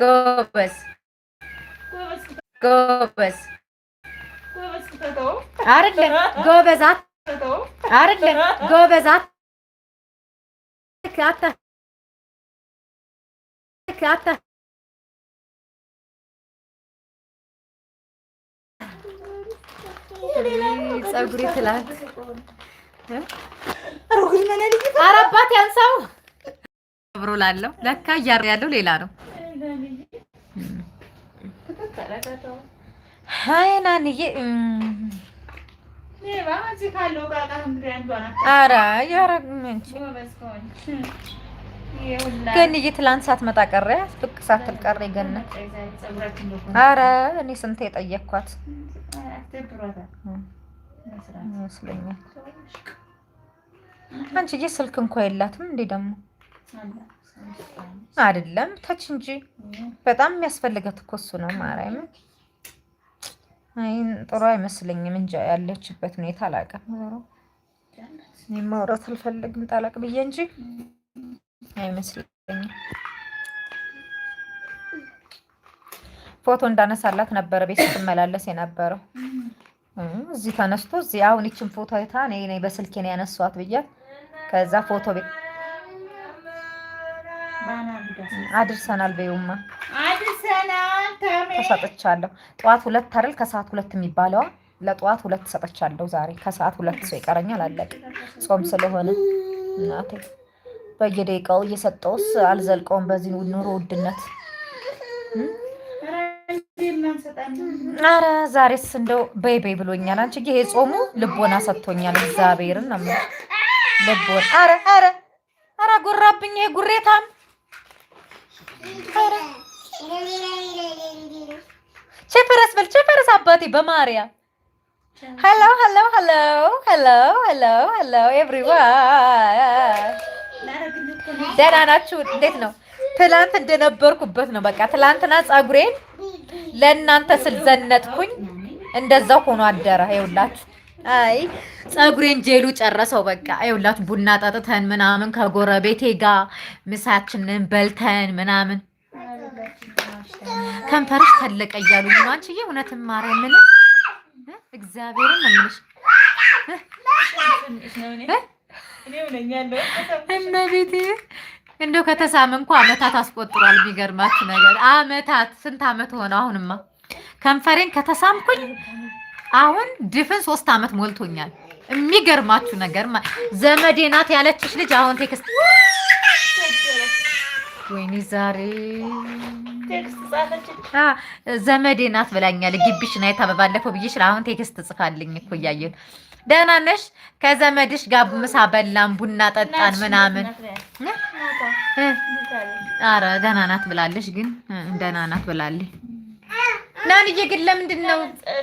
ጎበዝ ጎበዝ አይደለም ጎበዝ አይደለም ጎበዝ ፀጉሪ ትላት ኧረ አባት ያንሳው። አብሮ ላለው ለካ እያር ያለው ሌላ ነው። አይ ናንዬ፣ ኧረ ያረግ ምን ገንዬ ትላንት ሳትመጣ ቀረ፣ ብቅ ሳትል ቀረ ገነት። ኧረ እኔ ስንት የጠየኳት ይመስለኛል። አንቺዬ ስልክ እንኳ የላትም እንዴ ደግሞ አይደለም ታች እንጂ በጣም የሚያስፈልገት እኮ እሱ ነው። ማርያምን አይን ጥሩ አይመስለኝም። እንጃ ያለችበት ሁኔታ አላውቅም። እኔ ማውራት አልፈልግም ጣላቅ ብዬ እንጂ አይመስለኝም። ፎቶ እንዳነሳላት ነበረ ቤት ስትመላለስ የነበረው እዚህ ተነስቶ እዚህ አሁን ይችን ፎቶ አይታ እኔ በስልኬ ነው ያነሷት ብያት ከዛ ፎቶ ቤት አድርሰናል በይውማ አድርሰናል። ተሰጥቻለሁ። ጠዋት ሁለት አይደል ከሰዓት ሁለት የሚባለዋ ለጠዋት ሁለት ሰጠቻለሁ። ዛሬ ከሰዓት ሁለት ሰው ይቀረኛል። አለቅ ጾም ስለሆነ እናቴ በየደቂቃው እየሰጠውስ አልዘልቀውም። በዚህ ኑሮ ውድነት አረ ዛሬስ እንደው በይ በይ ብሎኛል። አንቺ ይሄ ጾሙ ልቦና ሰጥቶኛል። እግዚአብሔርን ነው ልቦና። አረ አረ አረ ጎራብኝ ጉሬታም ቸፈረስ በል ቸፈረስ አባቴ በማርያም ሄሎ ሄሎ ሄሎ ሄሎ ሄሎ ሄሎ ኤቭሪዋን ደህና ናችሁ? እንዴት ነው? ትላንት እንደነበርኩበት ነው። በቃ ትላንትና ፀጉሬን ለእናንተ ስል ዘነጥኩኝ። እንደዛው ሆኖ አደረ። ይኸውላችሁ አይ ጸጉሬን ጄሉ ጨረሰው። በቃ አይውላት ቡና ጠጥተን ምናምን ከጎረቤቴ ጋር ምሳችንን በልተን ምናምን ከንፈርሽ ተለቀ እያሉ ነው። አንቺዬ እውነትም ማርያምን እግዚአብሔርን እምልሽ እመቤቴ እንደው ከተሳምንኩ አመታት አስቆጥሯል። የሚገርማችሁ ነገር አመታት ስንት አመት ሆነ አሁንማ ከንፈሬን ከተሳምኩኝ አሁን ድፍን ሶስት አመት ሞልቶኛል። የሚገርማችሁ ነገር ዘመዴ ናት ያለችሽ ልጅ አሁን ቴክስት ወይኔ ዛሬ ዘመዴ ናት ብላኛል። ግቢሽ ና የታ ብዬሽ አሁን ቴክስት ጽፋልኝ እኮ እያየን ደህና ነሽ? ከዘመድሽ ጋር ምሳ በላን ቡና ጠጣን ምናምን። ኧረ ደህና ናት ብላለሽ፣ ግን ደህና ናት ብላለች ናንዬ ግን ለምንድን ነው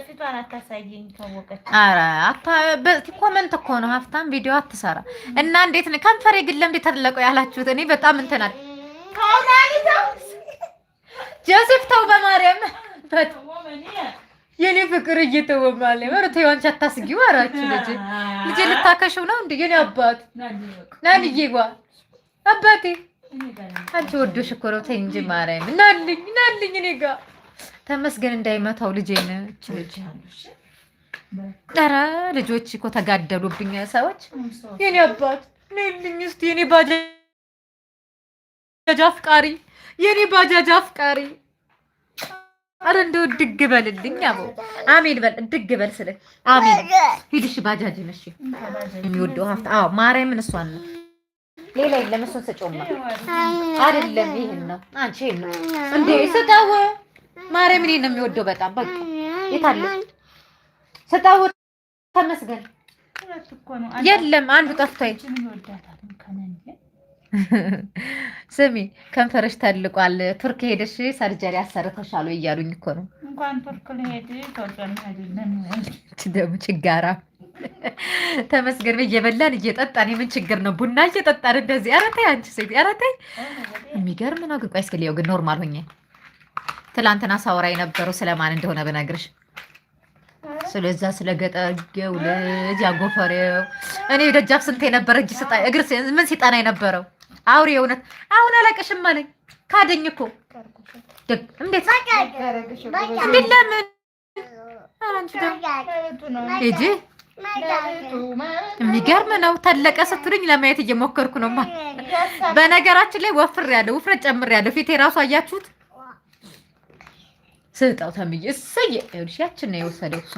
ፊቷን አታሳየኝ? ታወቀች። ኮመንት እኮ ነው ሀብታም ቪዲዮ አትሰራ እና እንዴት ነው ከንፈሬ ግን ለምንድን ተለቀው ያላችሁት? እኔ በጣም እንትናል። ጆሴፍ ተው፣ በማርያም የኔ ፍቅር እየተወማለ ማለት ይዋንቻ አታስጊው። አራችሁ ልጅ ልጅ ልታከሽው ነው እንዴ? የኔ አባት ናንዬ ጓ አባቴ አንቺ ወዶሽ እኮ ነው። ተይ እንጂ ማርያም ናልኝ ናልኝ እኔ ጋር ተመስገን እንዳይመታው ልጄን። ልጅ ኧረ ልጆች እኮ ተጋደሉብኝ ሰዎች። የኔ አባት ነይልኝ እስኪ የኔ ባጃጅ አፍቃሪ፣ የኔ ባጃጅ አፍቃሪ። አረ እንደው ድግ በልልኝ። አቦ አሜን በል ድግ በል ስለ አሜን። ሂድሽ ባጃጅ ነሽ የሚወደው ሀብት። አዎ ማርያምን እሷን ነው ሌላ የለም። እሱን ስጮማ አይደለም ይሄን ነው አንቺ ነው እንዴ ስጠው ማርያም እኔ ነው የሚወደው በጣም በቃ የታለ ስጠው ተመስገን የለም አንዱ ጠፍቷይ ስሚ ከንፈርሽ ተልቋል ቱርክ ሄደሽ ሰርጀሪ አሰርተሻል እያሉኝ እኮ ነው እንኳን ቱርክ ልሄድ ደግሞ ችጋራ ተመስገን እየበላን እየጠጣን የምን ችግር ነው ቡና እየጠጣን እንደዚህ ኧረ ተይ አንቺ ሴት ኧረ ተይ የሚገርም ነው ግን ቆይ እስኪ ልየው ግን ኖርማል ሆኜ ትላንትና ሳወራ የነበረው ስለማን እንደሆነ ብነግርሽ ስለዛ ገጠጌው ልጅ ያጎፈሬው እኔ ደጃፍ ስንት የነበረ እጅ እግር ምን ሲጠና የነበረው አውሪ የእውነት አሁን አላቀሽም አለኝ። ካደኝ እኮ እንዴት እንዴት ለምን ሂጂ። የሚገርም ነው። ተለቀ ስትሉኝ ለማየት እየሞከርኩ ነው። በነገራችን ላይ ወፍሬያለሁ፣ ውፍረት ጨምሬያለሁ። ፊቴ ራሱ አያችሁት ስጠው ተምዬ እሰይ ይኸውልሽ፣ ያችን ነው የወሰደው እሱ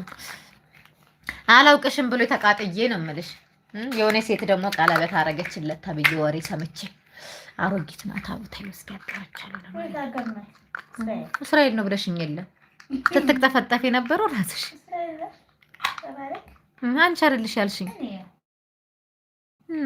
አላውቅሽም ብሎ ተቃጥዬ ነው የምልሽ። የሆነ ሴት ደግሞ ቀለበት አረገችለት ተብዬ ወሬ ሰምቼ አሮጊት ናት አሉታ ይወስድ ያጥራቻለሁ። እስራኤል ነው ብለሽኝ የለም ትትቅ ተፈጠፍ የነበረው ራስሽ አንቺ አይደልሽ ያልሽኝ እና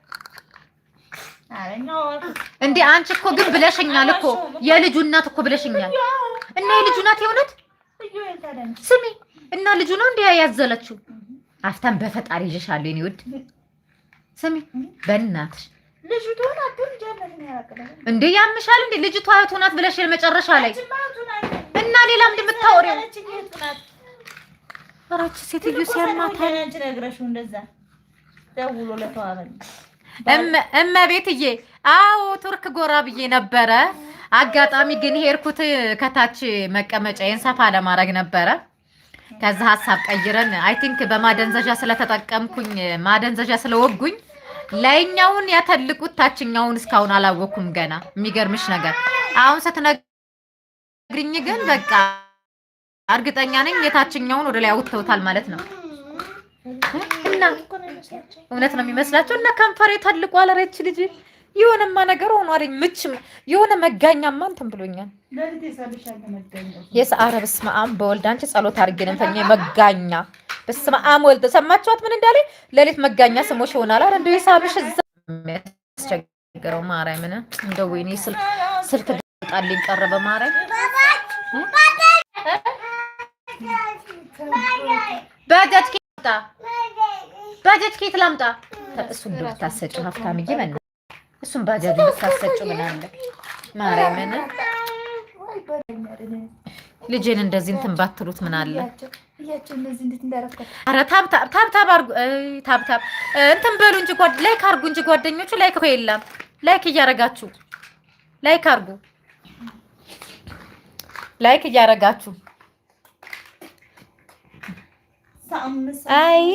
እንዴ አንቺ እኮ ግን ብለሽኛል እኮ የልጁ እናት እኮ ብለሽኛል። እና የልጁ እናት የእውነት ስሚ እና ልጁ ነው እንዲ ያዘለችው አፍታም በፈጣሪ ይዤሻለሁ የእኔ ውድ ስሚ በእናትሽ እንዴ ያምሻል እንዴ ልጅቷ እህቱ ናት ብለሽ መጨረሻ ላይ እና ሌላ ምንድን የምታወሪው? ኧረ ሴትዮ ሲያማታል እመቤትዬ አዎ ቱርክ ጎራ ብዬ ነበረ። አጋጣሚ ግን ሄድኩት ከታች መቀመጫዬን ሰፋ ለማድረግ ነበረ። ከዛ ሀሳብ ቀይረን አይ ቲንክ በማደንዘዣ ስለተጠቀምኩኝ ማደንዘዣ ስለወጉኝ ላይኛውን ያተልቁት ታችኛውን እስካሁን አላወኩም ገና። የሚገርምሽ ነገር አሁን ስትነግሪኝ ግን በቃ እርግጠኛ ነኝ የታችኛውን ወደ ላይ አውጥተውታል ማለት ነው። እና እውነት ነው የሚመስላቸው እና ከንፈሬ ታልቋል። ኧረ ይህች ልጅ የሆነማ ነገር ሆኗል። ምችም የሆነ መጋኛማ እንትን ብሎኛል። የሰአረ ኧረ በስመ አብ በወልድ አንቺ ጸሎት አድርጌን እንተኛ መጋኛ በስመ አብ ወልድ ሰማችኋት? ምን እንዳለ ሌሊት መጋኛ ስሞሽ ይሆናል። ኧረ እንደው የሳብሽ እዛ የሚያስቸግረው ምን እንደ ወይኔ ስልክ ስልክ ጣልኝ ቀረበ በማርያም በጃጅ ባጃጅ ከየት ላምጣ? እሱም ብታሰጭው ሀብታምዬ፣ በእናትህ እሱም ባጃጅ ብታሰጭው ምናለ ማርያምን ልጄን እንደዚህ እንትን ባትሉት ምናለ። ኧረ ታብታብ አድርጉ፣ ታብታብ እንትን በሉ እንጂ ላይክ አርጉ እንጂ ጓደኞቹ። ላይክ እኮ የለም። ላይክ እያረጋችሁ ላይክ አርጉ፣ ላይክ እያረጋችሁ አይ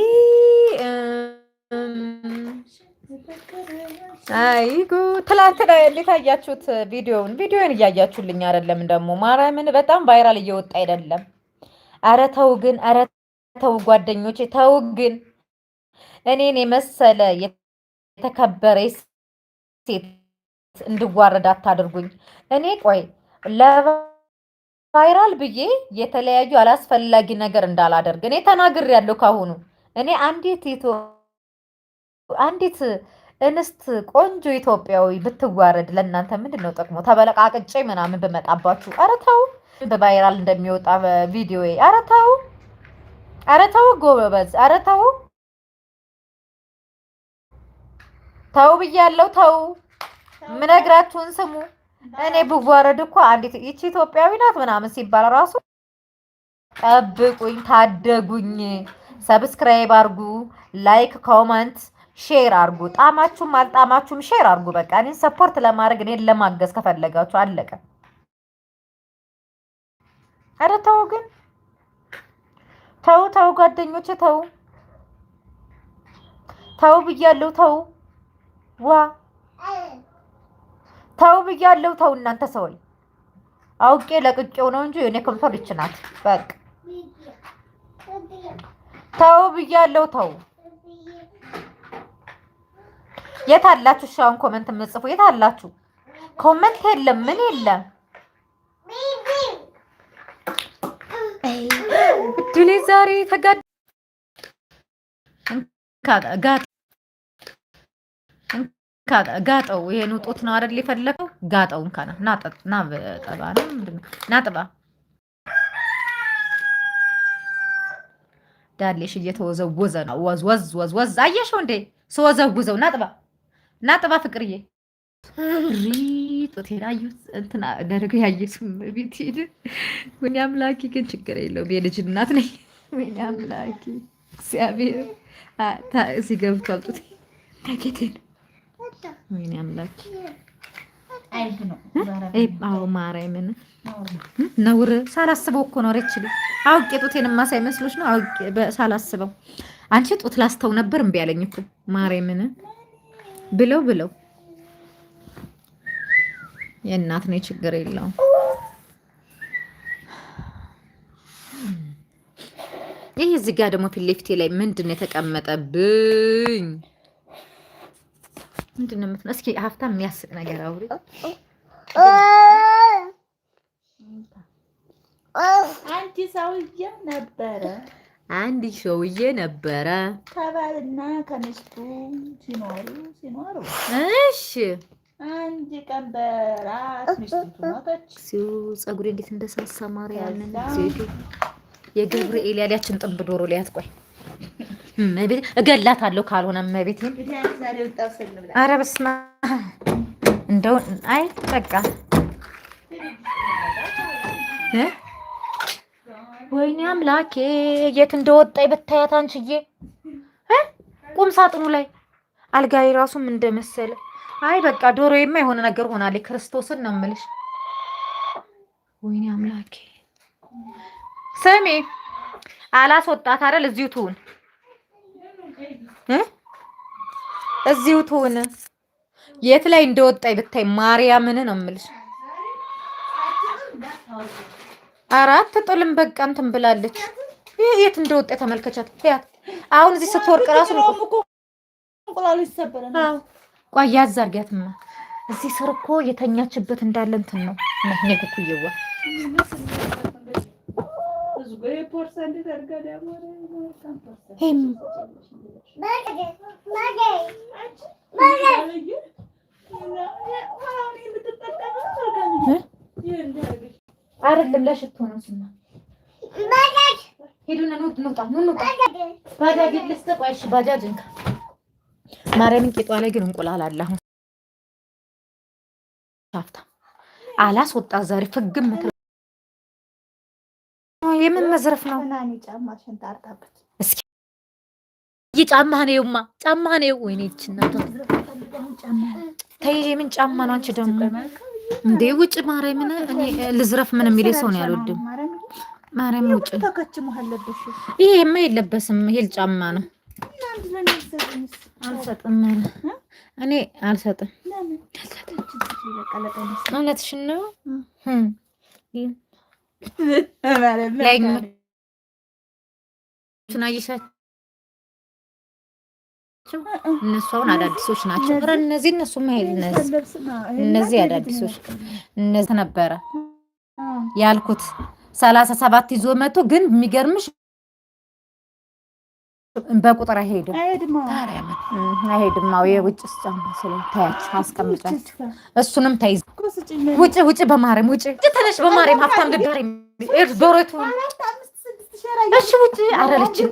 አይ ትላንትና እንዴት አያችሁት? ቪዲዮውን ቪዲዮውን እያያችሁልኝ አይደለም? ደግሞ ማርያምን በጣም ቫይራል እየወጣ አይደለም? አረ ተው ግን፣ አረ ተው ጓደኞቼ፣ ተው ግን እኔን የመሰለ የተከበረ ሴት እንድዋረድ አታድርጉኝ። እኔ ቆይ ቫይራል ብዬ የተለያዩ አላስፈላጊ ነገር እንዳላደርግ እኔ ተናግር ያለው ካሁኑ እኔ አንዲት አንዲት እንስት ቆንጆ ኢትዮጵያዊ ብትዋረድ ለእናንተ ምንድን ነው ጠቅሞ? ተበለቃቅጬ ምናምን ብመጣባችሁ አረታው በቫይራል እንደሚወጣ ቪዲዮ አረታው አረታው ጎበዝ አረታው ተው ብያለው። ተው ምነግራችሁን ስሙ። እኔ ብዋረድ እኮ አንዲት ይቺ ኢትዮጵያዊ ናት ምናምን ሲባል ራሱ ጠብቁኝ፣ ታደጉኝ፣ ሰብስክራይብ አርጉ፣ ላይክ፣ ኮመንት፣ ሼር አርጉ። ጣማችሁም አልጣማችሁም ሼር አርጉ። በቃ እኔን ሰፖርት ለማድረግ እኔን ለማገዝ ከፈለጋችሁ አለቀ። አረ ተው ግን ተው ተው፣ ጓደኞቼ ተው ተው ብያለሁ። ተው ዋ ተው ብያለሁ። ተው እናንተ ሰውዬ፣ አውቄ ለቅቄው ነው እንጂ የኔ ኮምፒውተር ልች ናት። በቃ ተው ብያለሁ። ተው የት አላችሁ? እሺ አሁን ኮመንት የምጽፉ የት አላችሁ? ኮመንት የለም ምን የለም። ድኔ ዛሬ ተጋድ ጋጠው ይሄን ውጦት ነው አይደል የፈለገው? ጋጠውን ካና ና ጠባ ነው ና ጥባ ዳሌሽ እየተወዘወዘ ነው። ወዝ ወዝ ወዝ ወዝ አየሽው እንዴ ስወዘውዘው። ና ጥባ ና ጥባ ፍቅርዬ ሪ ጦቴን አዩት እንትና ደረገ ያየሱም ቤት ሄድ። ወይኔ አምላኪ ግን ችግር የለውም የልጅ እናት ነኝ። ወይኔ አምላኪ እግዚአብሔር እዚህ ገብቷል ጡቴ ታጌቴ ነው ወይኔ አምላክ አዎ ማርያምን ነውር ሳላስበው እኮ ነው። አውቄ ጡቴን ማሳይ መስሎች ነው። ሳላስበው አንቺ ጡት ላስተው ነበር እምቢ አለኝ እኮ ማርያምን ብለው ብለው የእናት ነው ችግር የለውም። ይህ እዚህ ጋር ደግሞ ፊት ለፊቴ ላይ ምንድን ነው የተቀመጠብኝ? ምንድን ነው የምትነው? እስኪ ሀብታም የሚያስቅ ነገር አውሪ። አንቺ ሰውዬ ነበረ አንድ ሰውዬ ነበረ ከባልና ከሚስቱ ሲኖሩ ሲኖሩ፣ እሺ አንድ ቀን በራት ሚስቱ ሞተች። ፀጉሬ እንዴት እንደሳሳ ማርያምን! የገብርኤል ያሊያችን ጥንብ ዶሮ ላይ አትቆይ እገላታለሁ ካልሆነ መቤት። ኧረ በስመ አብ እንደው አይ በቃ ወይኔ አምላኬ የት እንደወጣኝ ብታያት አንቺዬ ቁም ሳጥኑ ላይ አልጋዬ ራሱ ምን እንደመሰለ አይ በቃ ዶሮ የማ የሆነ ነገር ሆናለች። ክርስቶስን ነው የምልሽ። ወይኔ አምላኬ ስሚ፣ አላስወጣት አይደል? እዚሁ ትሁን። እዚሁ ትሆን። የት ላይ እንደወጣኝ ብታይ ማርያምን ነው የምልሽ። አራት ጥልም በቃ እንትን ብላለች። የት እንደወጣ ተመልከቻት። ያት አሁን እዚህ ስትወርቅ ራሱ እንቁላሉ ይሰበራል። ቆይ ያዝ አድርጊያትማ። እዚህ ስር እኮ የተኛችበት እንዳለ እንትን ነው ነኝ አይደለም ለሽቶ ነው። ስማ ሄዱን እንውጣ እንውጣ። ባጃጅ ልስጥ። ቆይ እሺ፣ ባጃጅ እንካ። ማርያምን ቂጧ ላይ ግን እንቁላል አለ። አሁን አላስወጣት ዛሬ ፍግም የምን መዝረፍ ነው? ጫማህ ነው የውማ ጫማህ ነው። ወይኔ ይችናቱ ተይ፣ የምን ጫማ ነው? አንቺ ደግሞ እንዴ ውጭ ማርያምን፣ እኔ ልዝረፍ ምን የሚል ሰው ነው ያልወድም። ማርያም ውጭ ማ የለበስም። ይሄ ጫማ ነው። አልሰጥም እኔ አልሰጥም። እውነትሽን ነው። እነሱ አሁን አዳዲሶች ናቸው። ኧረ እነዚህ እነሱ መሄድ እነዚህ አዳዲሶች እነዚህ ነበረ ያልኩት ሰላሳ ሰባት ይዞ መቶ ግን የሚገርምሽ በቁጥር አይሄድም አይሄድማ። የውጭ ስጫማ ስለ ታያችሁ አስቀምጫችሁ እሱንም ተይዘ ውጭ ውጭ በማርያም ውጭ ተነሽ በማርያም ሀብታም ልዳር ዶሮቱ እሺ ውጭ አረለችን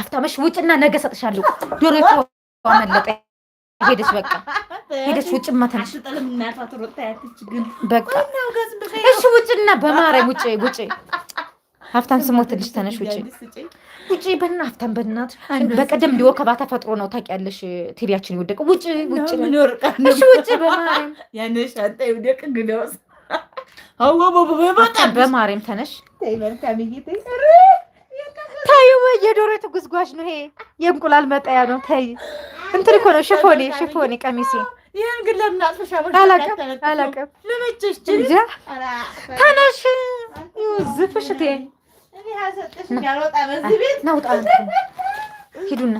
ሀብታምሽ ውጭና ነገ ሰጥሻለሁ። ዶሮቱ አመለጠ ሄደች በቃ ሄደች። ውጭማ ተነሽ በቃ እሺ ውጭና በማርያም ውጭ ውጭ ሀብታም ስሞትልሽ ተነሽ ውጭ ውጭ በና ሀብታም በናት በቀደም ሊወ ከባታ ፈጥሮ ነው ታውቂያለሽ ቴሪያችን የወደቀው ውጭ ውጪ ውጪ በማርያም ተነሽ ታዩ የዶሮ ተጉዝጓዥ ነው ይሄ የእንቁላል መጣያ ነው ታይ እንትን እኮ ነው ሽፎኔ ሽፎኔ ቀሚሴ ይህን ግን ለምን አጥፈሻ? አላውቅም አላውቅም። ተነሽ ዝፍሽቴ ናውጣ ሂዱና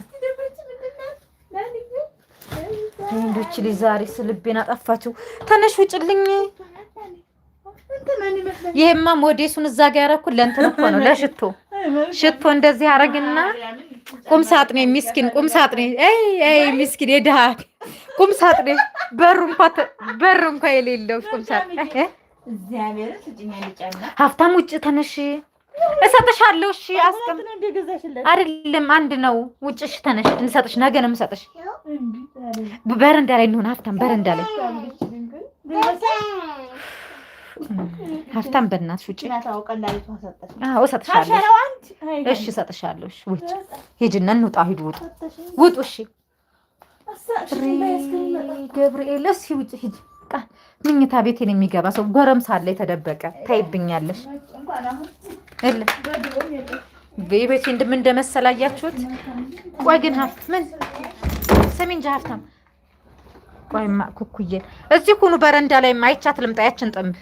ወንዶች ልጅ ዛሬ ስልቤን አጠፋችው። ተነሽ ውጭልኝ። ይሄማ ሞዴሱን እዛ ጋር ያደረኩት ለእንትን እኮ ነው ለሽቶ ሽቶ እንደዚህ አረግና ቁም ሳጥኔ ሚስኪን ቁም ሳጥኔ አይ አይ ሚስኪን የድሃ ቁም ሳጥኔ በሩ እንኳን በሩ እንኳን የሌለው ቁም ሳጥኔ ሀብታም ውጭ ተነሽ እሰጥሻለሁ። እሺ አስቀም አይደለም አንድ ነው። ውጭ እሺ ተነሽ፣ እንሰጥሽ ነገ ነው የምሰጥሽ። በረንዳ ላይ እንሆን ሀብታም፣ በረንዳ ላይ ሀብታም፣ በእናትሽ ውጭ። አዎ እሰጥሻለሁ። እሺ እሰጥሻለሁ። እሺ ውጭ ሂጂና እንውጣ። ሂድ፣ ውጡ፣ ውጡ። እሺ ገብርኤል፣ እሺ ውጭ ሂጂ። ምኝታ ቤቴን የሚገባ ሰው ጎረምሳ አለ የተደበቀ ታይብኛለሽ። ቤቤት እንደምን እንደመሰላያችሁት። ቆይ ግን ሀፍ ምን ሰሜን እንጂ ሀብታም ቆይ ማ እዚህ ሁኑ በረንዳ ላይ ማይቻት ልምጣያችን ጠምብ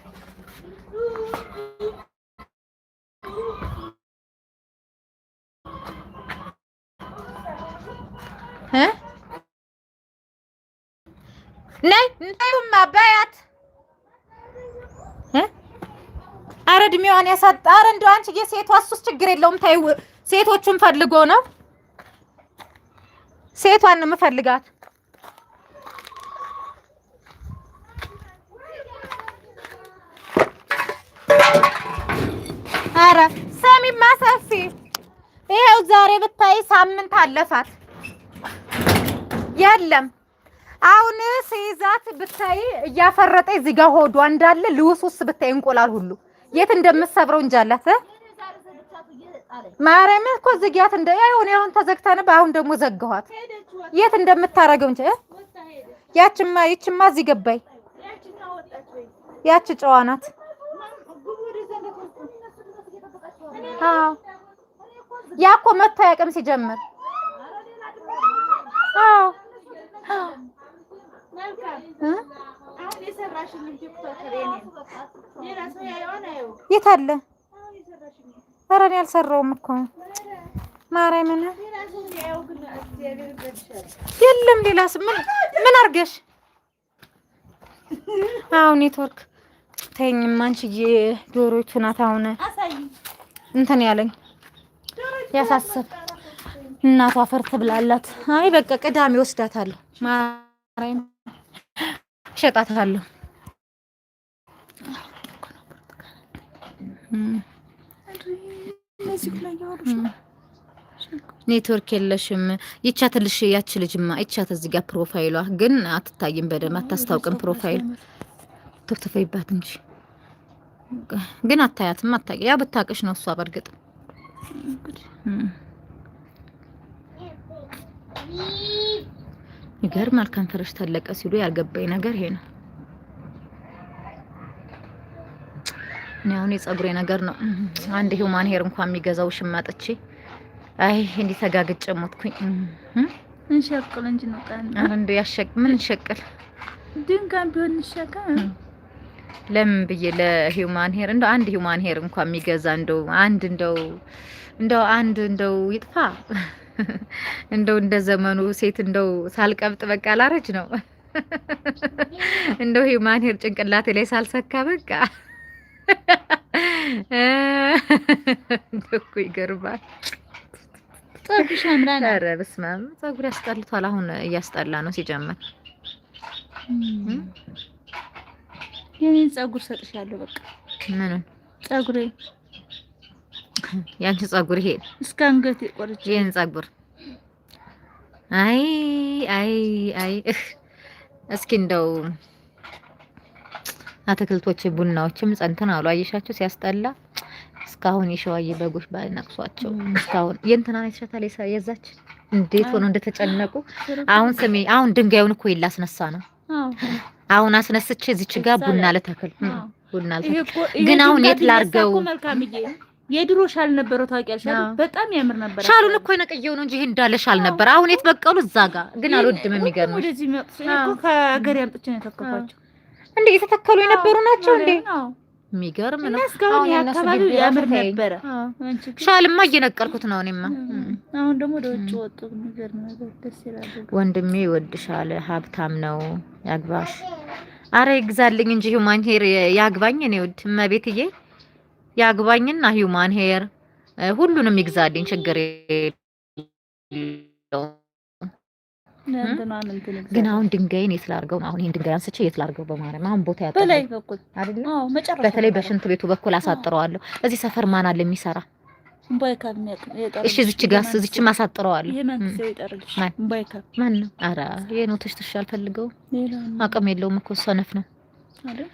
ነይ ነይ ነይማ በያት አረ እድሜዋን ያሳጣ። አረ እንደው አንቺ የሴቷ እሱስ ችግር የለውም ተይው። ሴቶቹን ፈልጎ ነው ሴቷን የምፈልጋት አረ ሰሚማ ሰፊ ይሄው ዛሬ ብታይ ሳምንት አለፋት። የለም አሁን ሲይዛት ብታይ እያፈረጠ እዚህ ጋር ሆዷ እንዳለ ልውስውስ ብታይ እንቁላል ሁሉ የት እንደምትሰብረው እንጂ አላት። ማርያም እኮ ዝጊያት እንደ አይሆን አሁን ተዘግታ ነበር። አሁን ደግሞ ዘግኋት። የት እንደምታረገው እንጂ ያችማ ይችማ እዚህ ገባይ ያች ጨዋ ናት። አዎ ያ እኮ መጥቶ ያቅም ሲጀምር አዎ የት አለ? ኧረ እኔ አልሰራውም እኮ ማርያምን። የለም ሌላስ ምን ምን አድርገሽ? አዎ ኔትወርክ ተይኝማ አንቺዬ። ዶሮቹ ናት አሁን እንትን ያለኝ ያሳስብ እናቷ አፈር ትብላላት። አይ በቃ ቅዳሜ ወስዳታለሁ ማርያምን እሸጣታለሁ። ኔትወርክ የለሽም። ይቻትልሽ ያች ልጅማ ይቻት እዚህ ጋር ፕሮፋይሏ ግን አትታይም በደንብ አታስታውቅም። ፕሮፋይል ትፍትፈይባት እንጂ ግን አታያትም። አታ ያ ብታቅሽ ነው እሷ በእርግጥ ይገርማል። ከንፈርሽ ተለቀ ሲሉ ያልገባኝ ነገር ይሄ ነው። እኔ አሁን የጸጉሬ ነገር ነው። አንድ ሂውማን ሄር እንኳን የሚገዛው ሽማጥቼ አይ እንዲህ ተጋግጬ ሞትኩኝ። እንሸቅል እንጂ ነው ቃል አንዱ ያሸቅ ምን እንሸቅል ድንጋም ቢሆን እንሸቅል ለምን ብዬ ለሂውማን ሄር እንደው አንድ ሂውማን ሄር እንኳን የሚገዛ እንደው አንድ እንደው እንደው አንድ እንደው ይጥፋ። እንደው እንደ ዘመኑ ሴት እንደው ሳልቀብጥ በቃ አላረጅ ነው። እንደው ሂማን ሄር ጭንቅላቴ ላይ ሳልሰካ በቃ እንደው ይገርማል። ጸጉሽ አምራና ኧረ በስመ አብ ጸጉር ያስጠልቷል። አሁን እያስጠላ ነው ሲጀምር። የኔን ጸጉር ሰጥሻለሁ በቃ ምንም ጸጉሬ ያንቺ ጸጉር ይሄ እስከ አንገት ቆርጬ ይሄን ጸጉር አይ አይ አይ እስኪ እንደው አትክልቶች ቡናዎችም ጸንተን አሉ። አየሻቸው ሲያስጠላ። እስካሁን የሸዋዬ በጎች ባይነቅሷቸው እስካሁን የእንትናን አይተሻታል? የዛች እንዴት ሆኖ እንደተጨነቁ አሁን ስሜ አሁን ድንጋዩን እኮ ይላስነሳ ነው። አሁን አስነስቼ እዚች ጋር ቡና ልተክል ቡና ልተክል። ግን አሁን የት ላርገው? የድሮ ሻል ነበረው ታውቂያለሽ፣ በጣም ያምር ነበር። ሻሉን እኮ የነቀየው ነው እንጂ ይሄ እንዳለ ሻል ነበር። አሁን የት በቀሉ? እዛ ጋ ግን አልወድም። የሚገርም ነው። ወደዚህ መጥቶ እኮ ከሀገር ያምጥቼ ነው የተከፋቸው። እንዴ የተተከሉ የነበሩ ናቸው እንዴ? የሚገርም ነው። እስካሁን የአካባቢው ያምር ነበረ። ሻልማ እየነቀልኩት ነው እኔማ። አሁን ደግሞ ወደ ውጭ ወጡ። የሚገርም ነገር፣ ደስ ይላል። ወንድሜ ይወድሻል፣ ሀብታም ነው፣ ያግባሽ። አረ ይግዛልኝ እንጂ ሁማን ሄር ያግባኝ። እኔ ውድ እመቤትዬ ያግባኝና ሂውማን ሄር ሁሉንም ይግዛልኝ፣ ችግር የለውም። ግን አሁን ድንጋይን የት ላድርገው? አሁን ይሄን ድንጋይ አንስቼ የት ላድርገው? በማርያም አሁን ቦታ ያጣ በተለይ በሽንት ቤቱ በኩል አሳጥረዋለሁ። እዚህ ሰፈር ማን አለ የሚሰራ? እሺ እዚች ጋስ እዚች ማሳጥረዋለሁ። ማን ነው? ኧረ የኖቶች ትሻ ፈልገው አቅም የለውም እኮ ሰነፍ ነው። አይደል?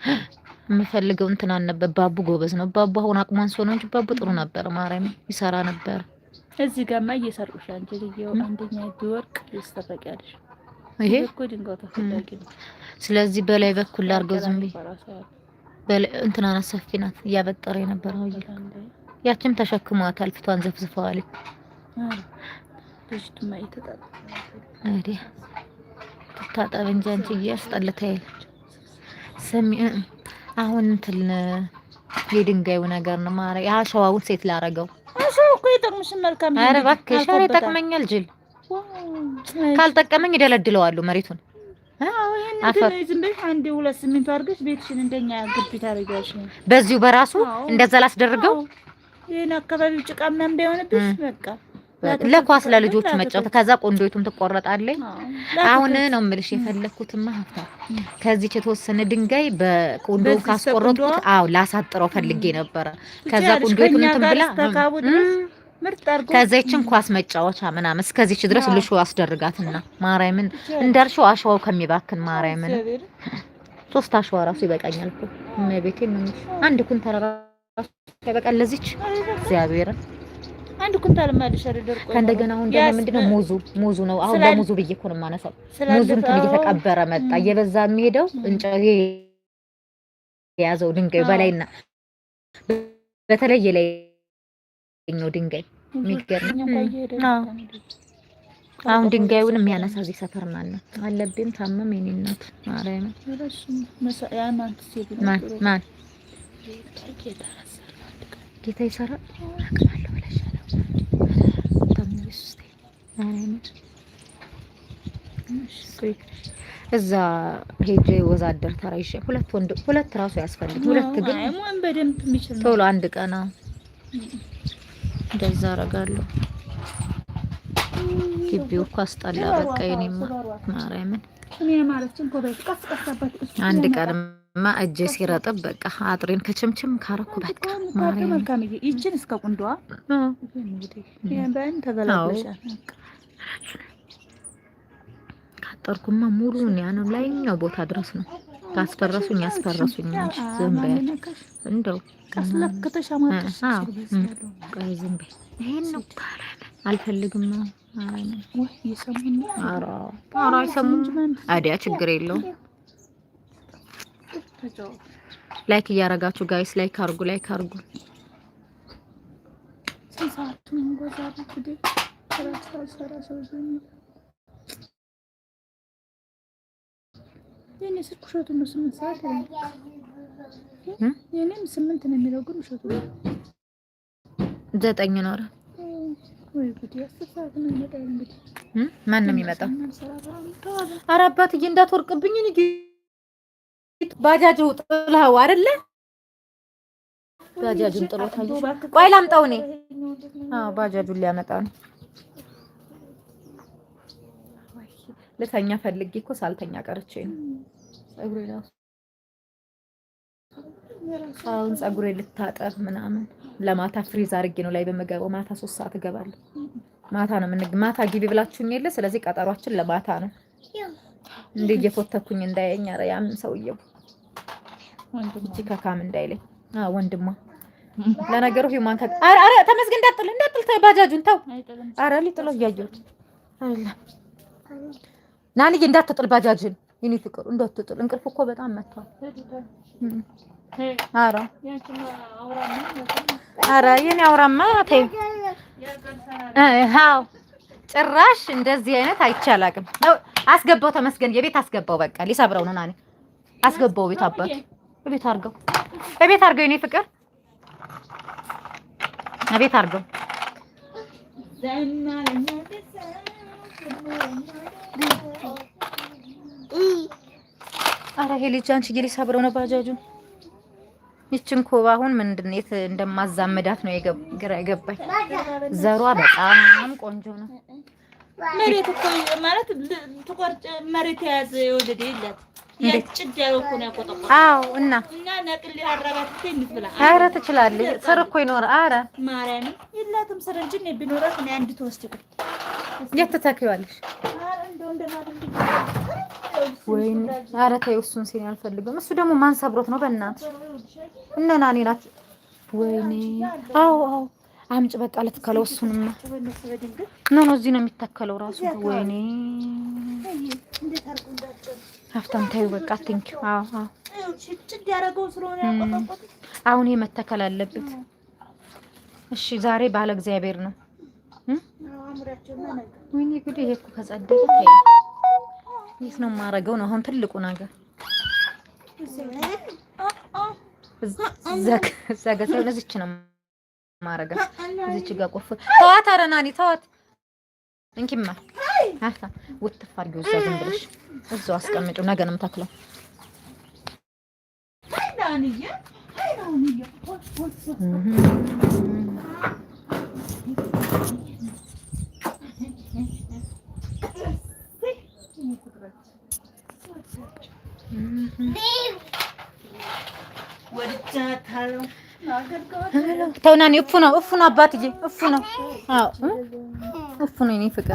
የምፈልገው እንትን አልነበር። ባቡ ጎበዝ ነው። ባቡ አሁን አቅሟን ሰው ነው እንጂ ባቡ ጥሩ ነበር። ማርያም ይሰራ ነበር። እዚህ ጋርማ እየሰሩሽ አንቺ ልየው አንደኛ ቢወርቅ ይስተፈቅያለሽ። ይሄ እኮ ድንጋው ተፈላጊ ስለዚህ በላይ በኩል አድርገው ዝም ብዬ በላይ እንትና ናት፣ ሰፊ ናት። እያበጠረ የነበረው አውይል ያችም ተሸክሟታል። ፊቷን ዘፍዝፈዋለች። ልጅቱማ ይተጣጣ እንዴ ትታጠብ እንጂ አንቺ ያስጠልታይል ሰሚ አሁን እንትን የድንጋዩ ነገር ነው ማረ አሸዋውን ሴት ላረገው አሸዋ እኮ ይጠቅምሽን። መልካም ኧረ እባክሽ ኧረ ይጠቅመኛል። ጅል ካልጠቀመኝ ይደለድለዋሉ መሬቱን። በዚሁ በራሱ እንደዛ ላስደርገው ይሄን አካባቢው ጭቃ ምናምን እንዳይሆንብሽ በቃ ለኳስ ለልጆቹ መጫወት ከዛ ቆንጆይቱም ትቆረጣለች። አሁን ነው የምልሽ የፈለኩትማ ሀፍታ ከዚች የተወሰነ ድንጋይ በቆንጆ ካስቆረጥኩት፣ አዎ ላሳጥረው ፈልጌ ነበረ። ከዛ ቆንጆይቱን እንትን ብላ ከዚችን ኳስ መጫወቻ ምናምን እስከዚች ድረስ ልሹ አስደርጋትና ማርያምን እንዳልሽው አሸዋው ከሚባክን ማርያምን ሶስት አሸዋ ራሱ ይበቃኛል እኮ እመቤቴ። አንድ ኩንታል ራሱ ይበቃል ለዚች እግዚአብሔርን አንድ ኩንታል ማድረሻ ደርቆ ከእንደገና አሁን ደግሞ ምንድነው ነው ሙዙ ሙዙ ነው። አሁን ለሙዙ ብዬ እኮ ነው የማነሳው። ሙዙ እንትን እየተቀበረ መጣ እየበዛ የሚሄደው እንጨት የያዘው ድንጋዩ በላይና በተለየ ላይ ነው ድንጋይ የሚገርም አሁን ድንጋዩን የሚያነሳ እዚህ ሰፈር ማን ነው? አለብኝ ታመም የኔ እናት ማርያም ማን ጌታ ይሰራል እዛ ሄጄ ወዛደር ተራይሽ ሁለት ወንድ ሁለት ራሱ ያስፈልግ ሁለት ግን በደንብ የሚችል ቶሎ አንድ ቀና እንደዛ አረጋለሁ። ግቢው እኮ አስጠላ። በቃ የኔማ ማርያምን አንድ ቀን ማ እጄ ሲረጥብ በቃ አጥሬን ከችምችም ካረኩ በቃ ይችን እስከ ቁንዷ ካጠርኩማ ሙሉን ያንም ላይኛው ቦታ ድረስ ነው። ካስፈረሱኝ ያስፈረሱኝ እንጂ ዝም በይ እንደው ዝም በይ። ይሄን ነው አልፈልግም ነው። ኧረ አይሰሙም። አዲያ ችግር የለውም ላይክ እያረጋችሁ ጋይስ ላይክ አርጉ፣ ላይክ አርጉ። የኔ ስልክ ውሸቱ ነው። ስምንት ሰዓት የኔም ስምንት ነው የሚለው ግን ውሸቱ ነው። ዘጠኝ ነው። ኧረ ወይ ጉድ! አስር ሰዓት ነው የሚመጣው ማን ነው የሚመጣው? ኧረ አባትዬ እንዳትወርቅብኝ እኔ ባጃጅ ጥላው አይደለ? ባጃጁን ጥሎት አየሽ? ቆይ ላምጣው እኔ። አዎ ባጃጁን ሊያመጣ ነው። ልተኛ ፈልጌ እኮ ሳልተኛ ቀርቼ ነው። ፀጉሬ ራሱ አሁን ፀጉሬ ልታጠብ ምናምን ለማታ ፍሪዝ አድርጌ ነው ላይ በምገባው። ማታ ሶስት ሰዓት እገባለሁ። ማታ ነው ምን ማታ ግቢ ብላችሁኝ የለ? ስለዚህ ቀጠሯችን ለማታ ነው። እንዴ እየፎተኩኝ እንዳያየኝ። ያም ሰውየው እቺ ከካም እንዳይለኝ ወንድማ ለነገሩ ሂውማን ከ አረ አረ ተመስገን እንዳጥል እንዳጥል ባጃጁን ተው። አረ ሊጥሎ እያየሁት አይደለም ናንዬ እንዳትጥል ባጃጅን የኔ ፍቅር እንዳትጥል። እንቅልፍ እኮ በጣም መጥቷል አረ አረ የኔ አውራማ ተይ። አዎ ጭራሽ እንደዚህ አይነት አይቻላቅም። አስገባው ተመስገን የቤት አስገባው። በቃ ሊሰብረው ነው ናኒ አስገባው ቤት አባቱ እቤት አድርገው እቤት አድርገው የኔ ፍቅር እቤት አድርገው። አረ ሄ ልጅ አንቺዬ ሊሰብረው ነው ባጃጁን። ይችን ኮባ አሁን ምንድን ነው እንደማዛመዳት ነው ግራ የገባኝ። ዘሯ በጣም ቆንጆ ነው። መሬት እኮ ማለት ትቆርጭ መሬት የያዘ የወደደ የላት አዎ እና ኧረ ትችላለች። ስር እኮ ይኖር። ማርያምን የላትም ስር እንጂ እኔ ቢኖራት እኔ አንድ ትወስድ የት ትተኪዋለሽ? ወይኔ ኧረ ተይው፣ እሱን አልፈልግም። እሱ ደግሞ ማን ሰብሮት ነው? በእናትሽ እነ ናት። ወይኔ አዎ አዎ አምጭ በቃ ልትከለው እሱንማ። ኖ ኖ እዚህ ነው የሚተከለው ራሱ። ወይኔ ሀብታም ታዩ በቃ ቲንክ አዎ፣ አዎ ሽጭት ያደረገው ስለሆነ ያቆጠቆጡት አሁን ይሄ መተከል አለበት። እሺ ዛሬ ባለ እግዚአብሔር ነው። ወይኔ ጉዴ! ይሄ እኮ ከጸዳ የት ነው የማደርገው ነው አሁን ትልቁ ነገር። እዛ ሳይሆን እዚች ነው የማደርገው። እዚች ጋ ቆፍ ተዋት፣ ኧረ ናኒ ተዋት እንኪማ ውትፍ አድርጊው እዛ ዝም ብለሽ እዛው አስቀምጪው። ነገ ነው የምታክለው። ተውናኔ እፉ ነው እፉ ነው አባትዬ፣ እፉ ነው እፉ ነው የእኔ ፍቅር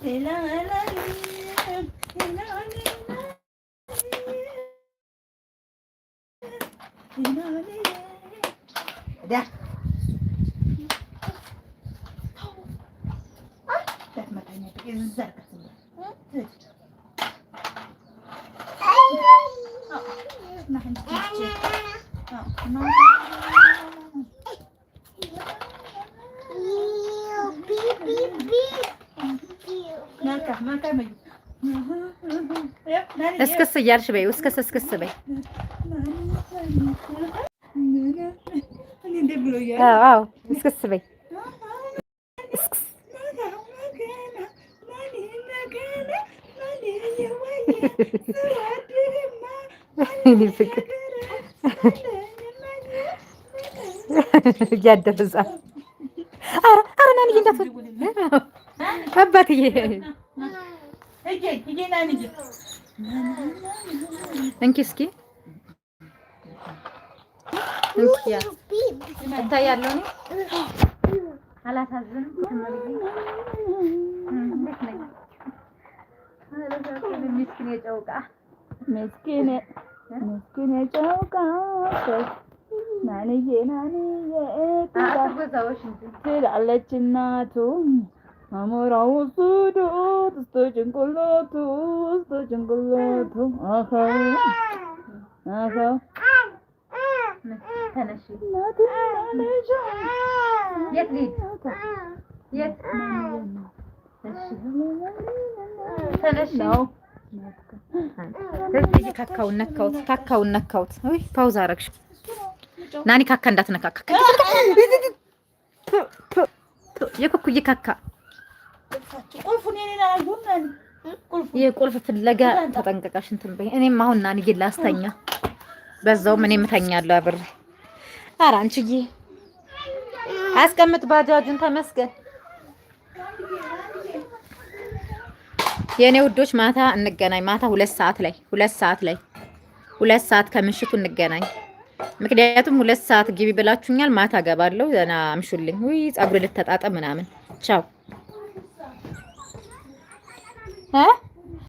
Kailangan lagi. Kailangan lagi. Kailangan lagi. Ada. Ah, dah matanya. Izar kat sini. Oh, nah, nah, nah. Oh, nah. እስክስ እያልሽ በይ እስክስ እስክስ በይ። አዎ እስክስ በይ እስክስ እያደረዛ ኧረ ኧረ ናንዬ እንዳትሆን አባትዬ እንኪ እስኪ እታያለሁ። አላሳዝንም። ምስኪን የጨውቃ ምስኪን የጨውቃ ናንዬ ናንዬ ትላለች እናቱ አሞራ ውስጡ ሄዶ ውስጡ ጭንቅላቱ ውስጡ ጭንቅላቱ ካካውን ነካሁት፣ ካካውን ነካሁት። ውይ ፓውዝ አደረግሽ ናኒ። ካካ እንዳትነካካ የኩኩዬ ካካ የቁልፍ ፍለጋ ተጠንቀቀሽ እንትን በይ። እኔም አሁን ና ንጌ ላስተኛ፣ በዛውም እኔም እተኛለሁ አብሬ። ኧረ አንቺዬ አስቀምጥ ባጃጅን። ተመስገን የእኔ ውዶች፣ ማታ እንገናኝ። ማታ ሁለት ሰዓት ላይ ሁለት ሰዓት ላይ ሁለት ሰዓት ከምሽቱ እንገናኝ። ምክንያቱም ሁለት ሰዓት ግቢ ብላችሁኛል። ማታ ገባለሁ። ዘና አምሹልኝ። ውይ ጸጉር ልተጣጠብ ምናምን። ቻው né?